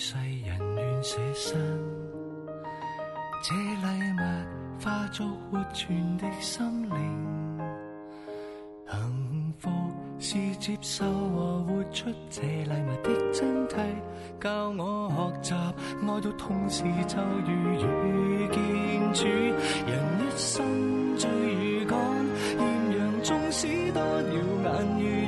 世人願捨身，這禮物化作活泉的心靈。幸福是接受和活出這禮物的真諦，教我學習愛到同時就如遇見主。人一生最勇敢，艷陽縱使多耀眼。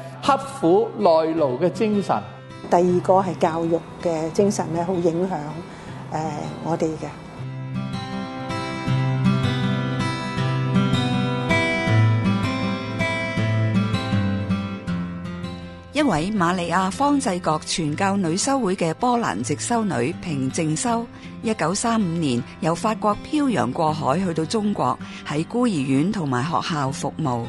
刻苦耐勞嘅精神，第二個係教育嘅精神咧，好影響誒我哋嘅。一位瑪利亞方濟各傳教女修會嘅波蘭籍修女平靜修，一九三五年由法國漂洋過海去到中國，喺孤兒院同埋學校服務。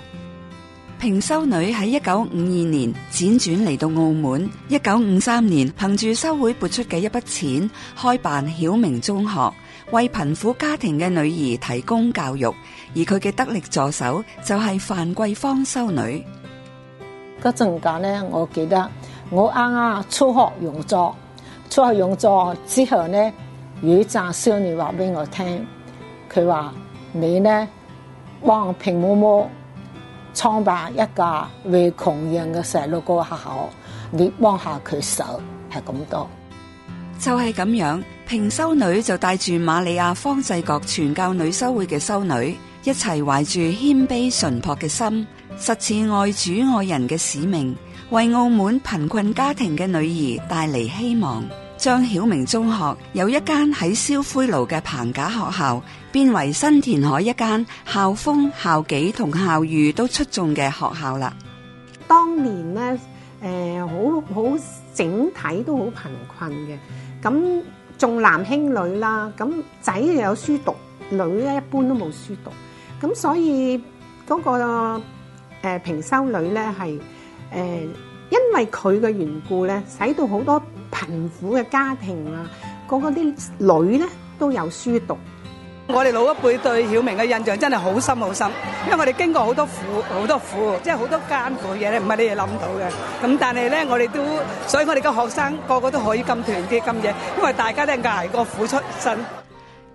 平修女喺一九五二年輾轉嚟到澳門，一九五三年憑住修會撥出嘅一筆錢開辦曉明中學，為貧苦家庭嘅女兒提供教育。而佢嘅得力助手就係范桂芳修女。嗰陣間呢，我記得我啱啱初學用作，初學用作之後呢，有一紮少女話俾我聽，佢話你呢，幫平嬤嬤創辦一家為窮人嘅細路哥學校，你幫下佢手係咁多，就係咁樣。平修女就帶住瑪利亞方濟各傳教女修會嘅修女，一齊懷住謙卑淳樸嘅心，實踐愛主愛人嘅使命，為澳門貧困家庭嘅女兒帶嚟希望。張曉明中學有一間喺燒灰爐嘅棚架學校，變為新田海一間校風、校紀同校譽都出眾嘅學校啦。當年咧，誒，好好整體都好貧困嘅，咁重男輕女啦，咁仔又有書讀，女咧一般都冇書讀，咁所以嗰個誒平修女咧係誒，因為佢嘅緣故咧，使到好多。貧苦嘅家庭啊，個個啲女咧都有書讀。我哋老一輩對曉明嘅印象真係好深好深，因為我哋經過好多苦，好多苦，即係好多艱苦嘢咧，唔係你哋諗到嘅。咁但係咧，我哋都，所以我哋嘅學生個個都可以咁團結咁嘢，因為大家都捱過苦出身。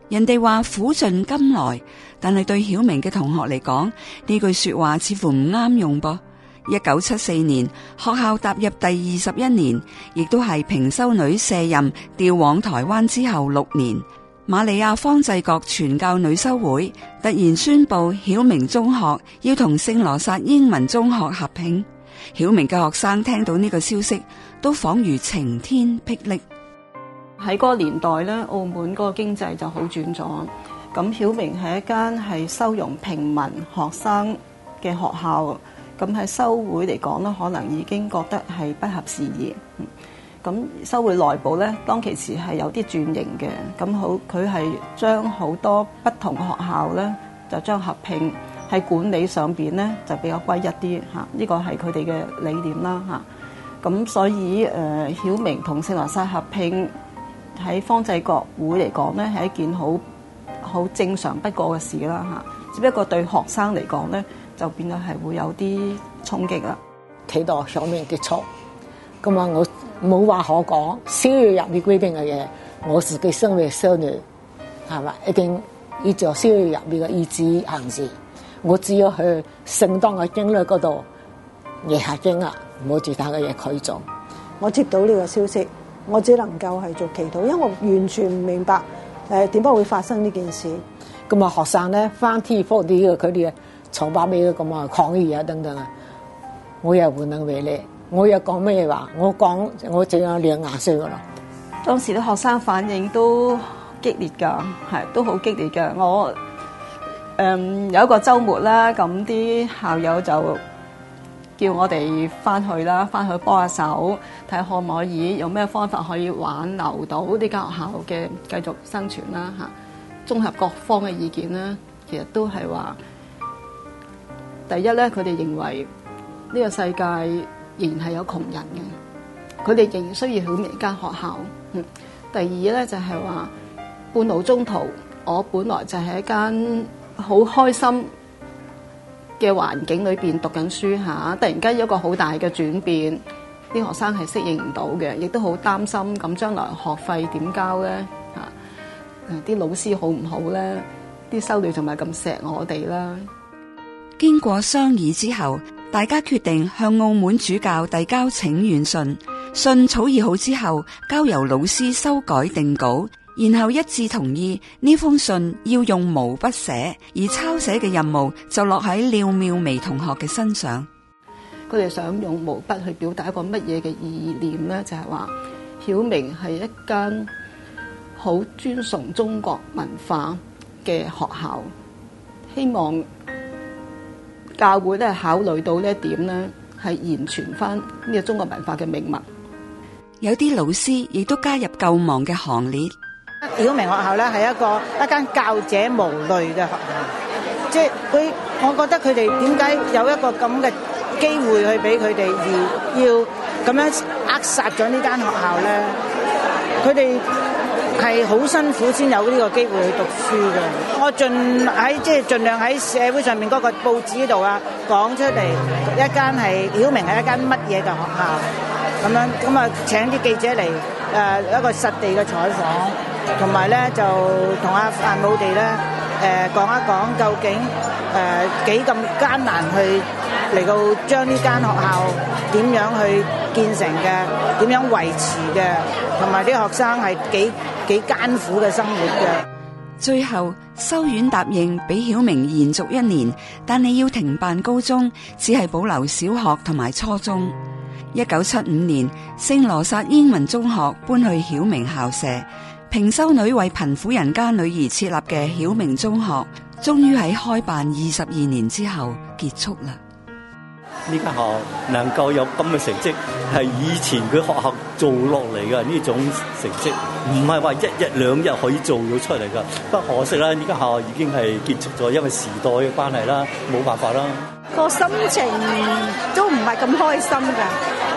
人哋話苦盡甘來，但係對曉明嘅同學嚟講，呢句說話似乎唔啱用噃。一九七四年，學校踏入第二十一年，亦都係平修女卸任調往台灣之後六年。瑪利亞方濟各傳教女修會突然宣布，曉明中學要同聖羅薩英文中學合併。曉明嘅學生聽到呢個消息，都恍如晴天霹靂。喺嗰個年代咧，澳門嗰個經濟就好轉咗。咁曉明係一間係收容平民學生嘅學校。咁喺修會嚟講咧，可能已經覺得係不合時宜。咁、嗯、修會內部咧，當其時係有啲轉型嘅。咁好，佢係將好多不同學校咧，就將合併喺管理上面咧，就比較歸一啲呢，啊這個係佢哋嘅理念啦，咁、啊啊、所以誒、呃，曉明同聖華沙合併喺方濟各會嚟講咧，係一件好好正常不過嘅事啦嚇、啊。只不過對學生嚟講咧，就變咗係會有啲衝擊啦。祈禱響邊結束，咁啊我冇話可講。修院入面規定嘅嘢，我自己身為少女，係嘛，一定要依照修院入面嘅意志行事。我只要去聖堂嘅經略嗰度夜係經啊，冇其他嘅嘢可以做。我接到呢個消息，我只能夠係做祈禱，因為我完全唔明白誒點解會發生呢件事。咁啊，學生咧翻 T four 啲嘅佢哋。坐巴咩咁啊！抗議啊等等啊！我又無能為力，我又講咩話？我講我整有兩牙識㗎咯。當時啲學生反應都激烈㗎，係都好激烈㗎。我誒、嗯、有一個周末啦，咁啲校友就叫我哋翻去啦，翻去幫下手，睇可唔可以有咩方法可以挽留到呢間學校嘅繼續生存啦嚇。綜合各方嘅意見啦，其實都係話。第一咧，佢哋認為呢個世界仍然係有窮人嘅，佢哋仍然需要好明間學校。嗯，第二咧就係、是、話半路中途，我本來就喺一間好開心嘅環境裏邊讀緊書嚇、啊，突然間有一個好大嘅轉變，啲學生係適應唔到嘅，亦都好擔心咁將來學費點交咧嚇？誒、啊，啲、呃、老師好唔好咧？啲修女仲係咪咁錫我哋啦？經過商議之後，大家決定向澳門主教遞交請願信。信草擬好之後，交由老師修改定稿，然後一致同意呢封信要用毛筆寫，而抄寫嘅任務就落喺廖妙微同學嘅身上。佢哋想用毛筆去表達一個乜嘢嘅意念呢？就係話曉明係一間好尊崇中國文化嘅學校，希望。教會都係考慮到呢一點咧，係延傳翻呢個中國文化嘅命脈。有啲老師亦都加入救亡嘅行列，曉明學校咧係一個一間教者無類嘅學校。即係佢，我覺得佢哋點解有一個咁嘅機會去俾佢哋要要咁樣扼殺咗呢間學校咧？佢哋。係好辛苦先有呢個機會去讀書嘅。我盡喺即係盡量喺社會上面嗰個報紙度啊講出嚟，一間係曉明係一間乜嘢嘅學校咁樣。咁啊請啲記者嚟誒一個實地嘅採訪，同埋咧就同阿阿母哋咧誒講一講究竟誒幾咁艱難去嚟到將呢間學校點樣去建成嘅，點樣維持嘅，同埋啲學生係幾。幾艱苦嘅生活嘅，最後修院答應俾曉明延續一年，但你要停辦高中，只係保留小學同埋初中。一九七五年，聖羅薩英文中學搬去曉明校舍，平修女為貧苦人家女兒設立嘅曉明中學，終於喺開辦二十二年之後結束啦。呢間學校能夠有咁嘅成績，係以前佢學校。做落嚟嘅呢種成績，唔係話一日兩日可以做到出嚟噶。不過可惜啦，呢家學校已經係結束咗，因為時代嘅關係啦，冇辦法啦。個心情都唔係咁開心㗎。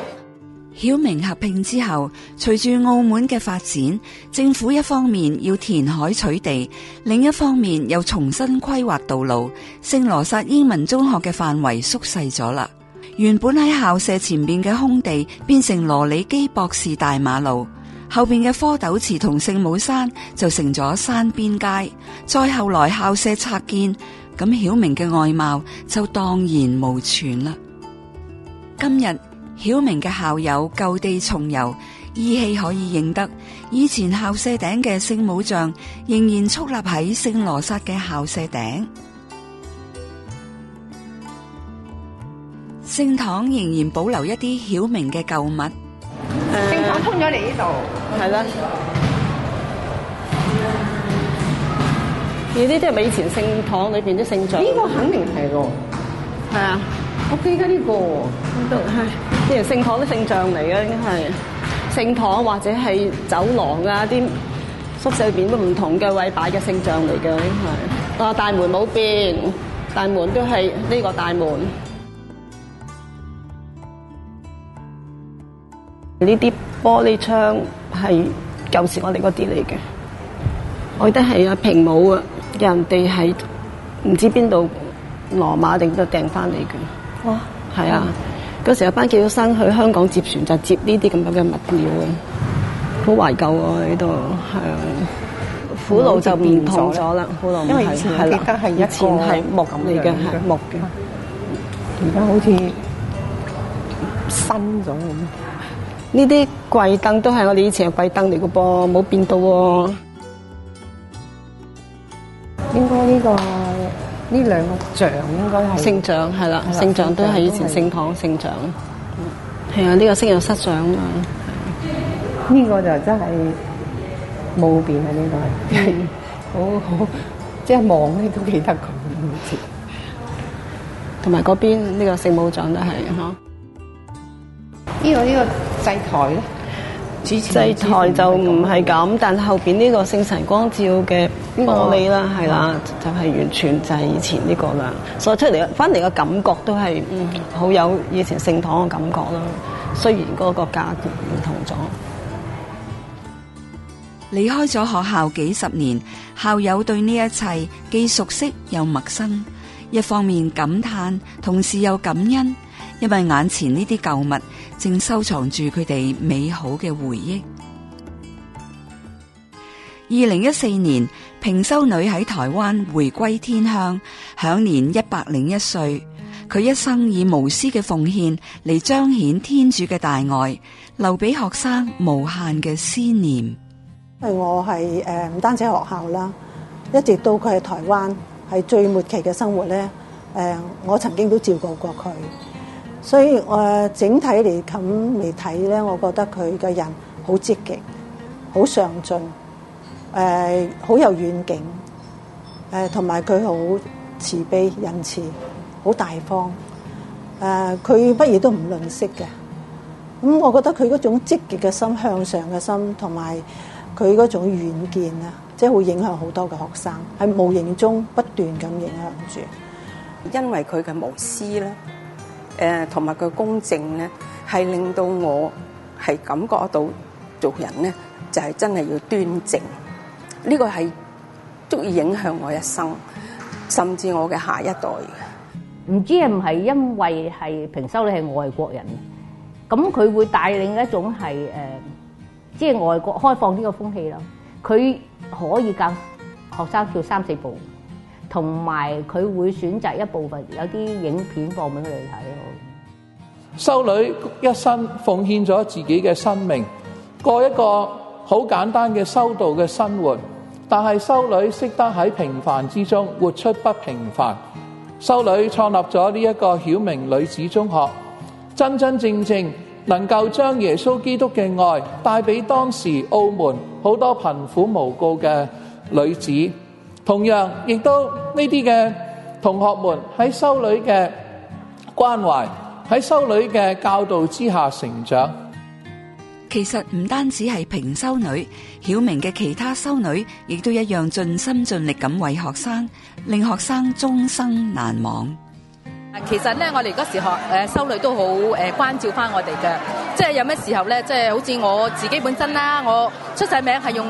曉明合併之後，隨住澳門嘅發展，政府一方面要填海取地，另一方面又重新規劃道路。聖羅撒英文中學嘅範圍縮細咗啦，原本喺校舍前邊嘅空地變成羅里基博士大馬路，後邊嘅蝌蚪池同聖母山就成咗山邊街。再後來校舍拆建，咁曉明嘅外貌就蕩然無存啦。今日。曉明嘅校友舊地重遊，依稀可以認得以前校舍頂嘅聖母像，仍然矗立喺聖羅撒嘅校舍頂。聖堂仍然保留一啲曉明嘅舊物。聖堂搬咗嚟呢度，係啦。呢啲即係以前聖堂裏邊啲聖像。呢個肯定係咯，係啊。我 K，得呢個度，係啲聖堂啲聖像嚟嘅，應該係聖堂或者係走廊啊啲宿舍入邊都唔同嘅位擺嘅聖像嚟嘅，應該係啊大門冇變，大門都係呢個大門。呢啲玻璃窗係舊時我哋嗰啲嚟嘅，我覺得係啊平冇啊，人哋喺唔知邊度羅馬定都訂翻嚟嘅。哇，係啊！嗰、嗯、時有班叫學生去香港接船，就接呢啲咁樣嘅物料啊。好、嗯、懷舊啊，呢度係啊，腐壞就變咗啦，因為以前啲凳係一貫係木嚟嘅，木嘅，而家好似新咗咁。呢啲櫃凳都係我哋以前嘅櫃凳嚟嘅噃，冇變到喎、啊。應該呢個。呢兩個像應該係聖像，係啦，聖像都係以前聖堂聖像。係啊，呢個聖約瑟像啊，呢個就真係冇變啊！呢個係好好，即係望咧都記得佢。同埋嗰邊呢個聖母像都係嚇。呢個呢個祭台咧。祭台就唔係咁，但後邊呢個聖神光照嘅玻璃啦，係啦、哦，就係、是、完全就係以前呢個啦。所以出嚟翻嚟嘅感覺都係，嗯，好有以前聖堂嘅感覺咯。雖然嗰個格局唔同咗。離開咗學校幾十年，校友對呢一切既熟悉又陌生。一方面感嘆，同時又感恩，因為眼前呢啲舊物。正收藏住佢哋美好嘅回憶。二零一四年，平修女喺台灣回歸天鄉，享年一百零一歲。佢一生以無私嘅奉獻嚟彰顯天主嘅大愛，留俾學生無限嘅思念。我係誒唔單止學校啦，一直到佢喺台灣係最末期嘅生活咧，誒我曾經都照顧過佢。所以，我整體嚟咁嚟睇咧，我覺得佢嘅人好積極、好上進，誒好有遠景，誒同埋佢好慈悲仁慈，好大方，誒佢乜嘢都唔吝嗇嘅。咁我覺得佢嗰種積極嘅心、向上嘅心，同埋佢嗰種遠見啊，即係會影響好多嘅學生，喺無形中不斷咁影響住，因為佢嘅無私啦。誒同埋佢公正咧，係令到我係感覺到做人咧，就係真係要端正。呢個係足以影響我一生，甚至我嘅下一代嘅。唔知係唔係因為係平修你係外國人，咁佢會帶領一種係誒，即係外國開放呢個風氣咯。佢可以教學生跳三四步，同埋佢會選擇一部分有啲影片放俾佢哋睇咯。修女一生奉獻咗自己嘅生命，過一個好簡單嘅修道嘅生活。但係修女識得喺平凡之中活出不平凡。修女創立咗呢一個曉明女子中學，真真正正能夠將耶穌基督嘅愛帶俾當時澳門好多貧苦無告嘅女子。同樣，亦都呢啲嘅同學們喺修女嘅關懷。喺修女嘅教導之下成長，其實唔單止係平修女，曉明嘅其他修女亦都一樣盡心盡力咁為學生，令學生終生難忘。其實咧，我哋嗰時學誒修女都好誒關照翻我哋嘅，即係有咩時候咧，即係好似我自己本身啦，我出世名係用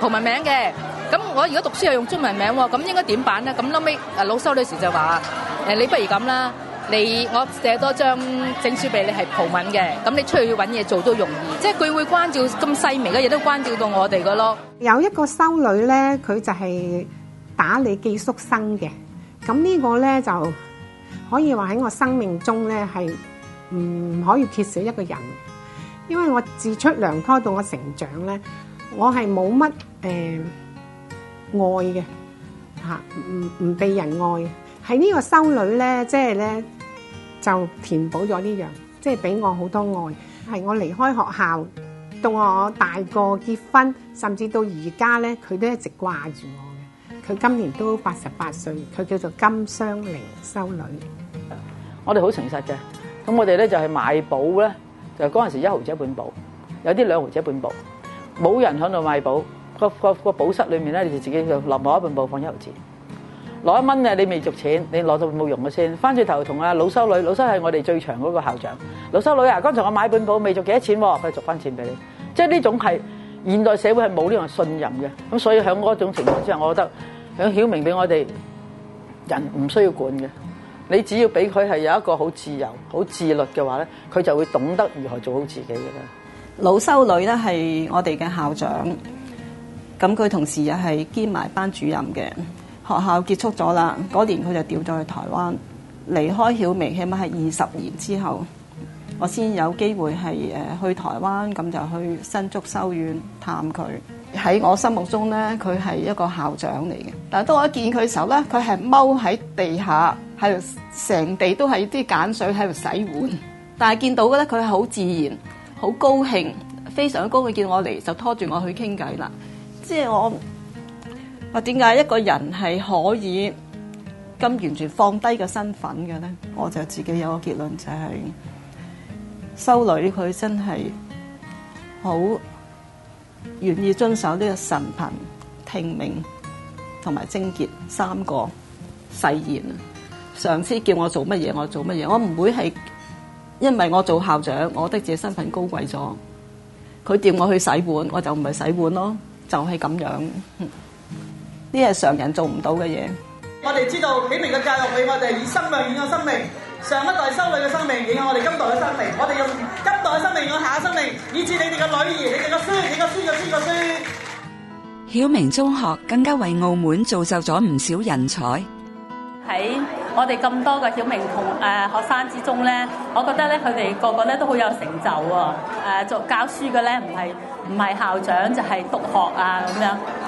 葡文名嘅，咁我如果讀書係用中文名喎，咁應該點辦咧？咁後尾誒老修女時就話誒，你不如咁啦。你我寫多張證書俾你係葡文嘅，咁你出去揾嘢做都容易。即係佢會關照咁細微嘅嘢都關照到我哋㗎咯。有一個修女咧，佢就係打理寄宿生嘅。咁呢個咧就可以話喺我生命中咧係唔可以缺少一個人，因為我自出娘胎到我成長咧，我係冇乜誒愛嘅嚇，唔，唔被人愛。喺呢個修女咧，即係咧。就填補咗呢樣，即係俾我好多愛，係我離開學校到我大個結婚，甚至到而家咧，佢都一直掛住我嘅。佢今年都八十八歲，佢叫做金湘玲修女。我哋好誠實嘅，咁我哋咧就係買簿咧，就嗰陣時一毫紙一本簿，有啲兩毫紙一本簿，冇人響度賣簿，個個個簿室裏面咧，你就自己就留埋一本簿放一毫紙。攞一蚊咧，你未續錢，你攞到冇用嘅先。返轉頭同阿老修女，老修係我哋最長嗰個校長。老修女啊，剛才我買本簿未續幾多錢喎，佢續返錢俾你。即係呢種係現代社會係冇呢樣信任嘅。咁所以喺嗰種情況之下，我覺得響曉明俾我哋人唔需要管嘅。你只要俾佢係有一個好自由、好自律嘅話咧，佢就會懂得如何做好自己嘅啦。老修女咧係我哋嘅校長，咁佢同時又係兼埋班主任嘅。學校結束咗啦，嗰年佢就調咗去台灣，離開曉明起碼係二十年之後，我先有機會係誒去台灣咁就去新竹修院探佢。喺我心目中咧，佢係一個校長嚟嘅。但係當我一見佢嘅時候咧，佢係踎喺地下，喺度成地都係啲鹼水喺度洗碗。但係見到嘅咧，佢係好自然、好高興，非常高興見我嚟，就拖住我去傾偈啦。即係我。我點解一個人係可以咁完全放低個身份嘅咧？我就自己有個結論、就是，就係修女佢真係好願意遵守呢個神貧、聽命同埋貞潔三個誓言。上司叫我做乜嘢，我做乜嘢，我唔會係因為我做校長，我覺得自己身份高貴咗，佢叫我去洗碗，我就唔係洗碗咯，就係、是、咁樣。啲係常人做唔到嘅嘢。我哋知道曉明嘅教育俾我哋以生命影響生命，上一代修女嘅生命影響我哋今代嘅生命。我哋用今代嘅生命去下一代生命，以至你哋嘅女兒、你哋嘅孫、你嘅孫嘅孫嘅孫。曉明中學更加為澳門造就咗唔少人才。喺我哋咁多嘅曉明同誒學生之中咧，我覺得咧佢哋個個咧都好有成就喎。誒做教書嘅咧，唔係唔係校長就係、是、督學啊咁樣。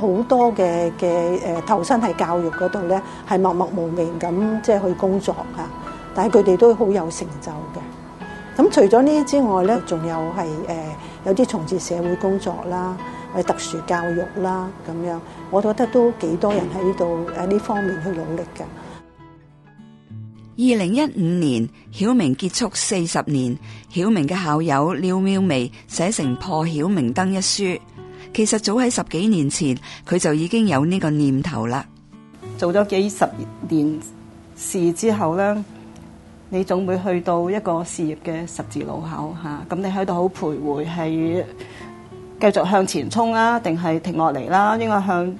好多嘅嘅誒，投身喺教育嗰度咧，係默默無名咁即係去工作嚇，但係佢哋都好有成就嘅。咁除咗呢啲之外咧，仲有係誒、呃、有啲從事社會工作啦，誒特殊教育啦咁樣，我覺得都幾多人喺呢度誒呢方面去努力嘅。二零一五年，曉明結束四十年，曉明嘅校友廖妙薇寫成《破曉明燈》一書。其實早喺十幾年前，佢就已經有呢個念頭啦。做咗幾十年事之後咧，你總會去到一個事業嘅十字路口吓。咁你喺度好徘徊，係繼續向前衝啊，定係停落嚟啦？應該向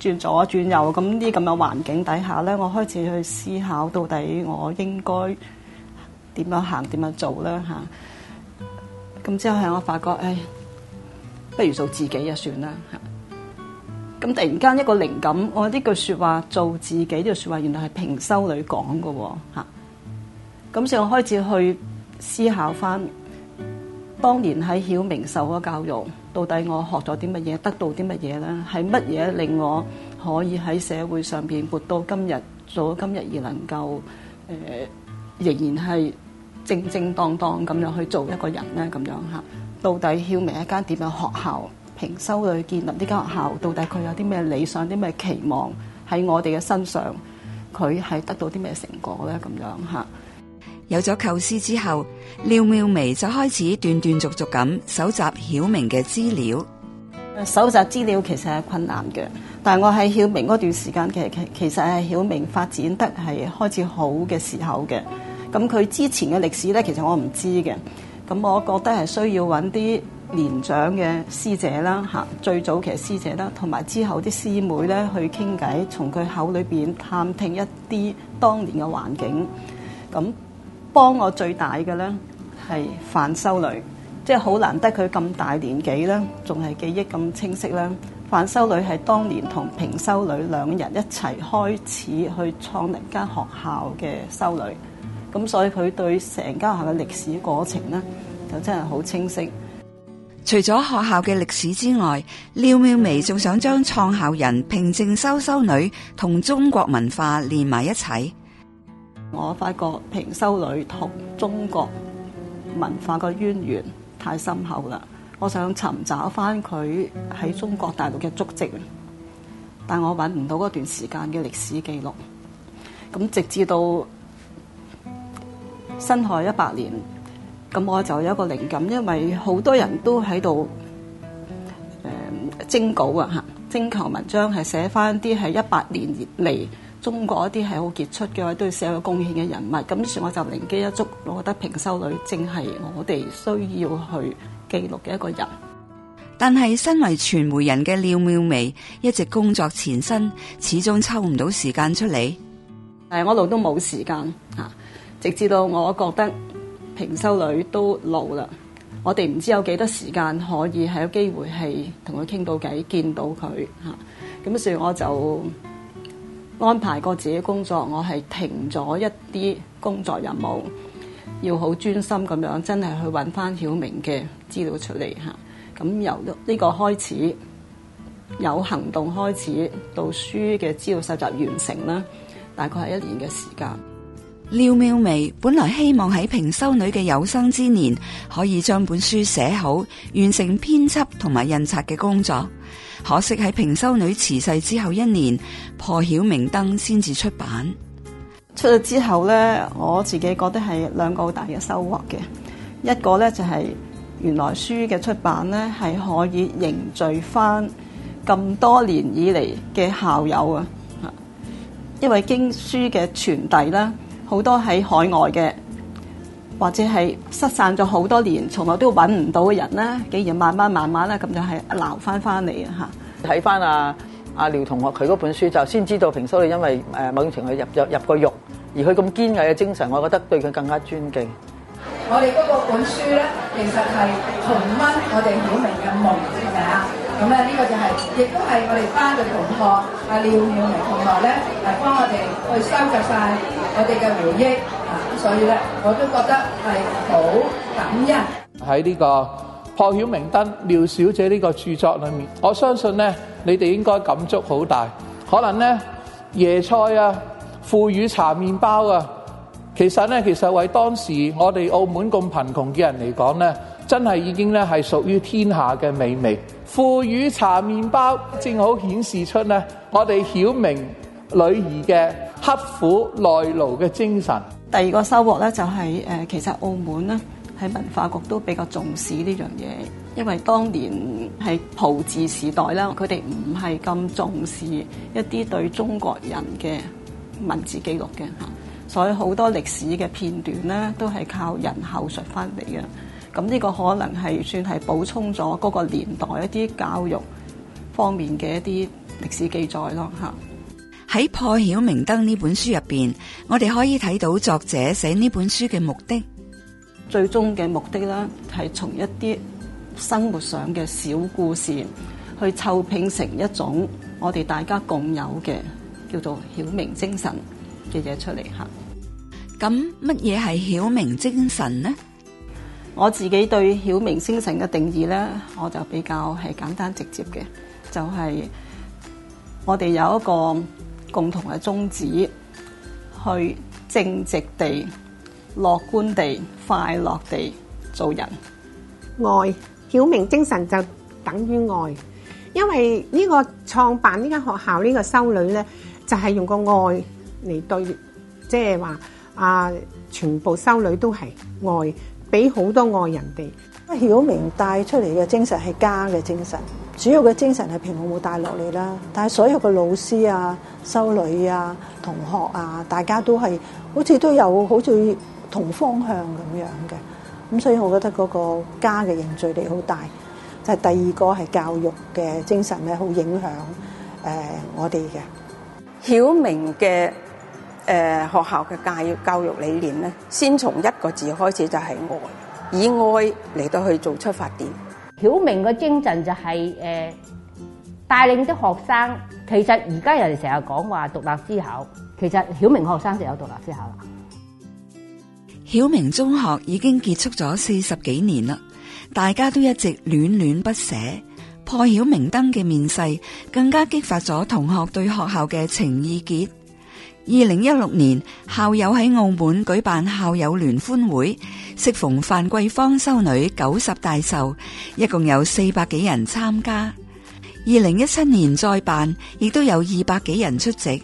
轉左轉右咁啲咁嘅環境底下咧，我開始去思考，到底我應該點樣行、點樣做呢？吓。咁之後係我發覺，誒、哎。不如做自己就算啦。吓，咁突然間一個靈感，我呢句說話做自己呢句說話，原來係平修女講嘅。吓，咁所以我開始去思考翻，當年喺曉明受過教育，到底我學咗啲乜嘢，得到啲乜嘢咧？係乜嘢令我可以喺社會上邊活到今日，做今日而能夠誒、呃，仍然係正正當當咁樣去做一個人咧？咁樣吓。到底曉明一間點樣嘅學校，平收去建立呢間學校，到底佢有啲咩理想、啲咩期望喺我哋嘅身上，佢係得到啲咩成果咧？咁樣吓。有咗構思之後，廖妙薇就開始斷斷續續咁搜集曉明嘅資料。搜集資料其實係困難嘅，但係我喺曉明嗰段時間，其實其實係曉明發展得係開始好嘅時候嘅。咁佢之前嘅歷史咧，其實我唔知嘅。咁我覺得係需要搵啲年長嘅師姐啦，最早期師姐啦，同埋之後啲師妹咧去傾偈，從佢口裏面探聽一啲當年嘅環境。咁幫我最大嘅咧係范修女，即係好難得佢咁大年紀啦，仲係記憶咁清晰啦。范修女係當年同平修女兩人一齊開始去創立間學校嘅修女。咁所以佢對成間學校嘅歷史過程呢，就真係好清晰。除咗學校嘅歷史之外，廖妙薇仲想將創校人平靜修修女同中國文化連埋一齊。我發覺平修女同中國文化嘅淵源太深厚啦，我想尋找翻佢喺中國大陸嘅足跡，但我揾唔到嗰段時間嘅歷史記錄，咁直至到辛亥一百年，咁我就有一個靈感，因為好多人都喺度誒徵稿啊吓，徵求文章係寫翻啲係一百年嚟，中國一啲係好傑出嘅、都要社會貢獻嘅人物。咁於是我就靈機一觸，我覺得平修女正係我哋需要去記錄嘅一個人。但係身為傳媒人嘅廖妙薇，一直工作前身，始終抽唔到時間出嚟，誒，我度都冇時間吓。啊直至到我覺得平修女都老啦，我哋唔知有幾多時間可以係有機會係同佢傾到偈，見到佢嚇。咁所以我就安排過自己工作，我係停咗一啲工作任務，要好專心咁樣真係去揾翻曉明嘅資料出嚟嚇。咁由呢個開始有行動開始到書嘅資料收集完成啦，大概係一年嘅時間。廖妙薇本來希望喺平修女嘅有生之年可以將本書寫好，完成編輯同埋印刷嘅工作。可惜喺平修女辭世之後一年，破曉明燈先至出版。出咗之後呢，我自己覺得係兩個好大嘅收穫嘅。一個呢，就係原來書嘅出版呢，係可以凝聚翻咁多年以嚟嘅校友啊，因為經書嘅傳遞啦。好多喺海外嘅，或者係失散咗好多年，從來都揾唔到嘅人咧，竟然慢慢慢慢咧，咁就係撈翻翻嚟啊！嚇、啊，睇翻阿阿廖同學佢嗰本書就先知道平叔你因為誒、呃、某種情況入入入個獄，而佢咁堅毅嘅精神，我覺得對佢更加尊敬。我哋嗰本書咧，其實係重溫我哋好明嘅夢，知唔知啊？咁咧呢個就係，亦都係我哋班嘅同學，阿廖妙明同學咧，係幫我哋去收集曬我哋嘅回憶，所以咧我都覺得係好感恩。喺呢個《破曉明燈》廖小姐呢個著作裏面，我相信咧你哋應該感觸好大。可能咧椰菜啊、腐乳茶、麵包啊，其實咧其實為當時我哋澳門咁貧窮嘅人嚟講咧。真係已經咧係屬於天下嘅美味，腐乳茶麵包正好顯示出咧我哋曉明女兒嘅刻苦耐勞嘅精神。第二個收穫咧就係、係、誒，其實澳門咧喺文化局都比較重視呢樣嘢，因為當年係葡治時代啦，佢哋唔係咁重視一啲對中國人嘅文字記錄嘅嚇，所以好多歷史嘅片段咧都係靠人口述翻嚟嘅。咁呢個可能係算係補充咗嗰個年代一啲教育方面嘅一啲歷史記載咯吓。喺《破曉明燈》呢本書入邊，我哋可以睇到作者寫呢本書嘅目的，最終嘅目的啦係從一啲生活上嘅小故事去湊拼成一種我哋大家共有嘅叫做曉明精神嘅嘢出嚟吓。咁乜嘢係曉明精神呢？我自己對曉明精神嘅定義咧，我就比較係簡單直接嘅，就係我哋有一個共同嘅宗旨，去正直地、樂觀地、快樂地做人。愛曉明精神就等於愛，因為呢個創辦呢間學校呢個修女咧，就係用個愛嚟對，即係話啊，全部修女都係愛。俾好多愛人哋，曉明帶出嚟嘅精神係家嘅精神，主要嘅精神係平老母帶落嚟啦。但係所有嘅老師啊、修女啊、同學啊，大家都係好似都有好似同方向咁樣嘅。咁所以，我覺得嗰個家嘅凝聚力好大。就係、是、第二個係教育嘅精神咧，好影響誒、呃、我哋嘅曉明嘅。誒、呃，學校嘅教教育理念咧，先從一個字開始，就係愛，以愛嚟到去做出發點。曉明嘅精神就係、是、誒，帶、呃、領啲學生。其實而家人哋成日講話獨立思考，其實曉明學生就有獨立思考啦。曉明中學已經結束咗四十幾年啦，大家都一直戀戀不捨，破曉明燈嘅面世，更加激發咗同學對學校嘅情意結。二零一六年，校友喺澳門舉辦校友聯歡會，適逢范桂芳修女九十大壽，一共有四百幾人參加。二零一七年再辦，亦都有二百幾人出席。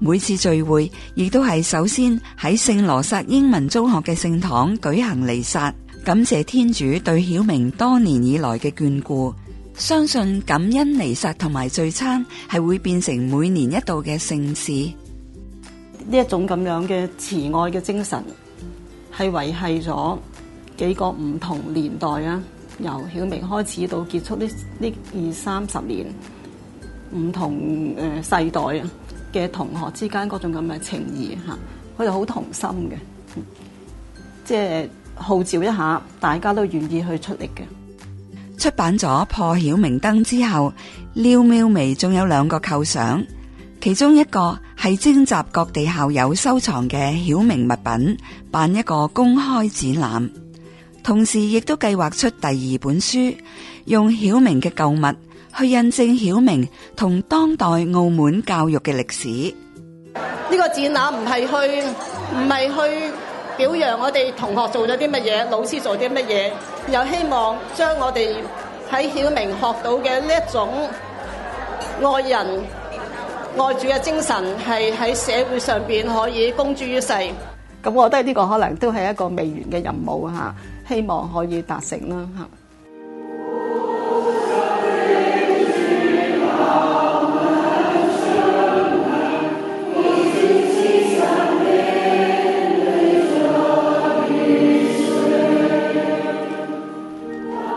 每次聚會亦都係首先喺聖羅撒英文中學嘅聖堂舉行彌撒，感謝天主對曉明多年以來嘅眷顧。相信感恩彌撒同埋聚餐係會變成每年一度嘅盛事。呢一種咁樣嘅慈愛嘅精神，係維繫咗幾個唔同年代啊，由曉明開始到結束呢啲二三十年唔同誒世代啊嘅同學之間嗰種咁嘅情義嚇，佢哋好同心嘅，即係號召一下，大家都願意去出力嘅。出版咗《破曉明燈》之後，廖妙眉仲有兩個構想。其中一個係徵集各地校友收藏嘅曉明物品，辦一個公開展覽，同時亦都計劃出第二本書，用曉明嘅舊物去印證曉明同當代澳門教育嘅歷史。呢個展覽唔係去唔係去表揚我哋同學做咗啲乜嘢，老師做啲乜嘢，又希望將我哋喺曉明學到嘅呢一種愛人。愛主嘅精神係喺社會上邊可以公諸於世，咁我覺得呢個可能都係一個未完嘅任務吓，希望可以達成啦吓。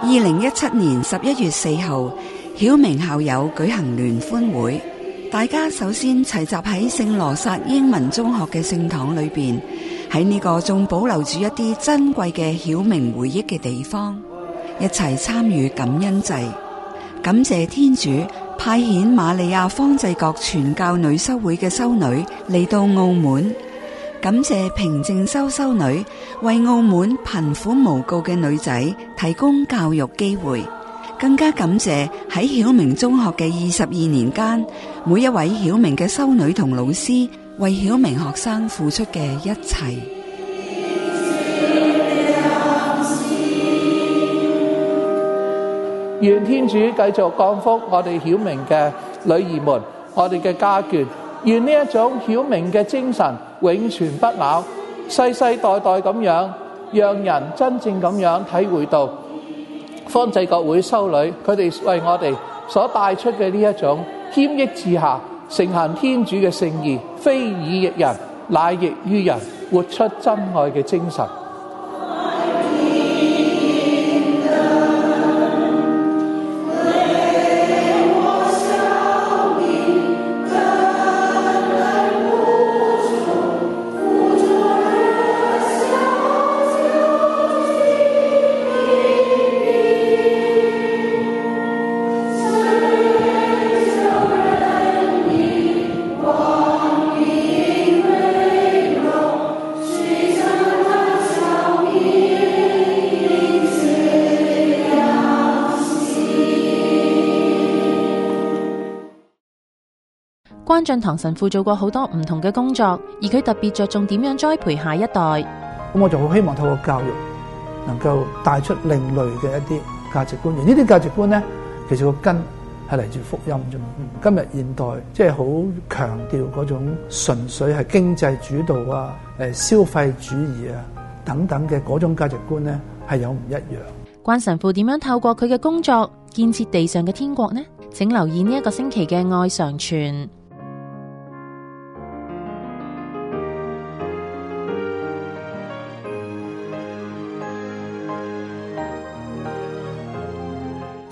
二零一七年十一月四號，曉明校友舉行聯歡會。大家首先齊集喺聖羅撒英文中學嘅聖堂裏邊，喺呢個仲保留住一啲珍貴嘅曉明回憶嘅地方，一齊參與感恩祭，感謝天主派遣瑪利亞方濟各傳教女修會嘅修女嚟到澳門，感謝平靜修修女為澳門貧苦無告嘅女仔提供教育機會，更加感謝喺曉明中學嘅二十二年間，每一位曉明嘅修女同老師為曉明學生付出嘅一切，願天主繼續降福我哋曉明嘅女兒們，我哋嘅家眷，願呢一種曉明嘅精神永存不朽，世世代代咁樣，讓人真正咁樣體會到方濟各會修女佢哋為我哋所帶出嘅呢一種。謙益自下，承行天主嘅聖意，非以役人，乃役於人，活出真愛嘅精神。俊棠神父做過好多唔同嘅工作，而佢特別着重點樣栽培下一代。咁我就好希望透過教育，能夠帶出另類嘅一啲價值觀，而呢啲價值觀咧，其實個根係嚟自福音啫。今日現代即係好強調嗰種純粹係經濟主導啊，誒，消費主義啊等等嘅嗰種價值觀咧，係有唔一樣。關神父點樣透過佢嘅工作建設地上嘅天國呢？請留意呢一個星期嘅愛常傳。